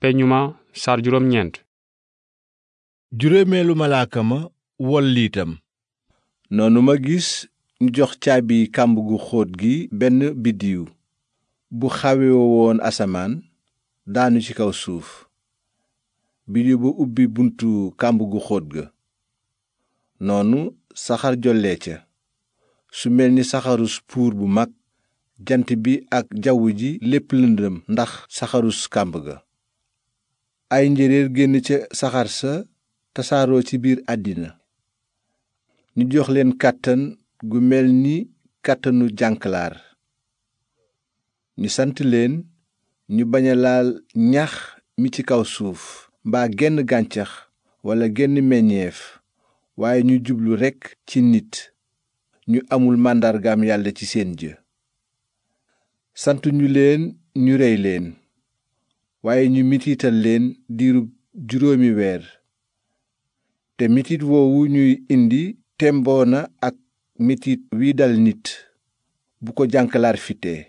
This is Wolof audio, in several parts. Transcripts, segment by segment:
peñu ma sar juróom ñeent juróomeelu malaaka ma wol noonu ma gis ñu jox caabi kàmb gu xóot gi benn biddiw bu xawe woon asamaan daanu ci kaw suuf biddiw ba ubbi buntu kàmb gu xóot ga noonu saxar jollee ca su mel ni saxarus puur bu mag jant bi ak jawwu ji lépp lëndëm ndax saxarus kàmb ga ay njéréer génn ca saxaar sa tasaaroo ci biir àddina ñu jox leen kàttan gu mel ni kàttanu jànklaar ñu sant leen ñu bañ laal ñax mi ci kaw suuf mbaa genn gàncax walla genn meññeef waaye ñu jublu rekk ci nit ñu amul màndargaam yàlla ci seen jë sant ñu leen ñu rey leen waaye ñu mitiital leen diirub juróomi weer te mitit woowu ñuy indi temboona ak mitit wi dal nit bu ko jànkalaar fitee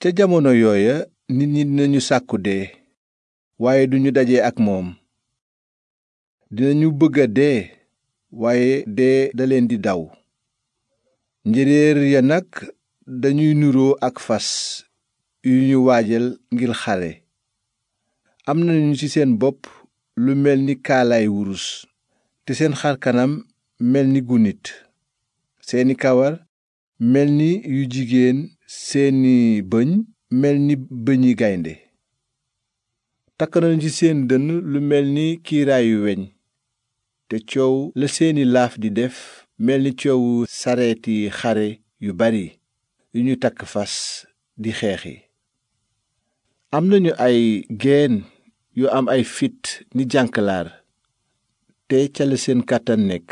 ca jamono yooya nit ñi dinañu sàkku dee waaye duñu daje ak moom dinañu bëgg a dee waaye dee da leen di daw njéeréer ya nag dañuy nuroo ak fas yu ñu waajal ngir xale am nañu ci seen bopp lu mel ni kaalaay wurus te seen xarkanam mel ni gunit seeni kawar mel ni yu jigéen seeni bëñ mel ni bëñi gaynde takk nañu ci seen dënn lu mel ni kiiraayu weñ te coow la seeni laaf di def mel ni coowu sareeti xare yu bari yu ñu takk fas di xeexi am nañu ay geen yu am ay fit ni jànkalaar te ca la seen kàttan nekk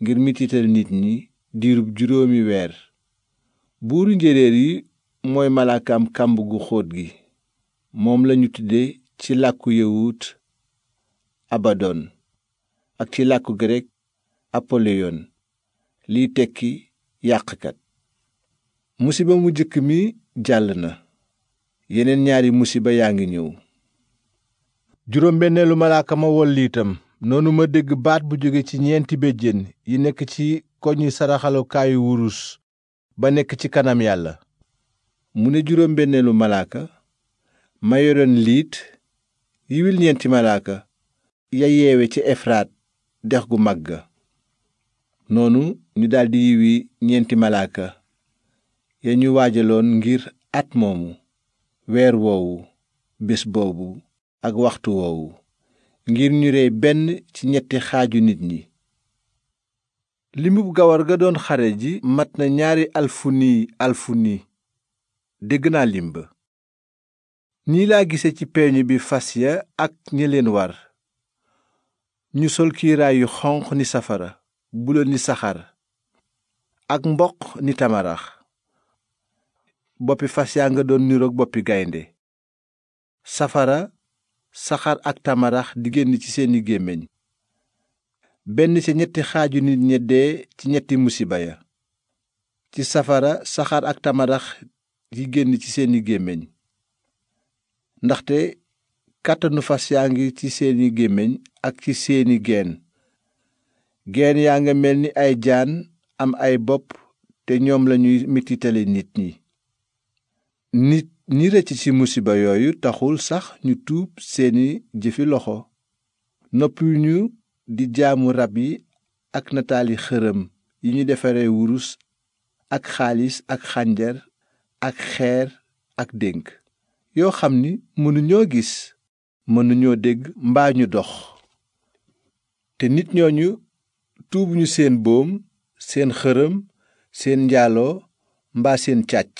ngir mitital nit ñi diirub juróomi weer buuru njéréer yi mooy malaakam kàmb gu xóot gi moom lañu tudde ci làkku yawut abadon ak ci làkku grek apoleyon liy tekki yàqkat musiba mu jëkk mi jàll na yeneen ñaari musiba yaa ngi ñëw juróom benneelu malaaka ma wol liitam noonu ma dégg baat bu jóge ci ñeenti béjjén yi nekk ci koñi saraxalukaayu wurus ba nekk ci kanam yàlla mu ne juróom benneelu malaaka ma yoroon liit yiwil ñeenti malaaka ya yeewe ci efraat dex gu mag ga noonu ñu daldi yiwi ñeenti malaaka ya ñu waajaloon ngir at moomu weer woowu bés boobu ak waxtu woowu ngir ñu rey benn ci ñetti xaaju nit ñi limub gawar ga doon xare ji mat na ñaari alfuni alfuni dégg naa limba ba nii laa gise ci peeñu bi fas ya ak ñi leen war ñu sol kiiraay yu xonq ni safara bulo ni saxaar ak mboq ni tamarax boppi fas yaa nga doon niroog boppi gaynde safara saxaar ak tamarax di génn ci seeni gémmiñ benn ci ñetti xaaju nit ña dee ci ñetti musiba ya ci safara saxaar ak tamarax di génn ci seeni gémmiñ ndaxte kàttanu fas yaa ngi ci seeni gémmiñ ak ci seeni geen geen yaa nga mel ni ay jaan am ay bopp te ñoom lañuy mettitale nit ñi nit ñi rëcc ci musiba yooyu taxul sax ñu tuub seeni jëfi loxo noppiwuñu di jaamu rab yi ak nataali xërëm yi ñu defare wurus ak xaalis ak xànjar ak xeer ak dénk yoo xam ni mënuñoo gis mënuñoo dégg mbaa ñu dox te nit ñooñu tuubuñu seen boom seen xërëm seen njaaloo mbaa seen càcc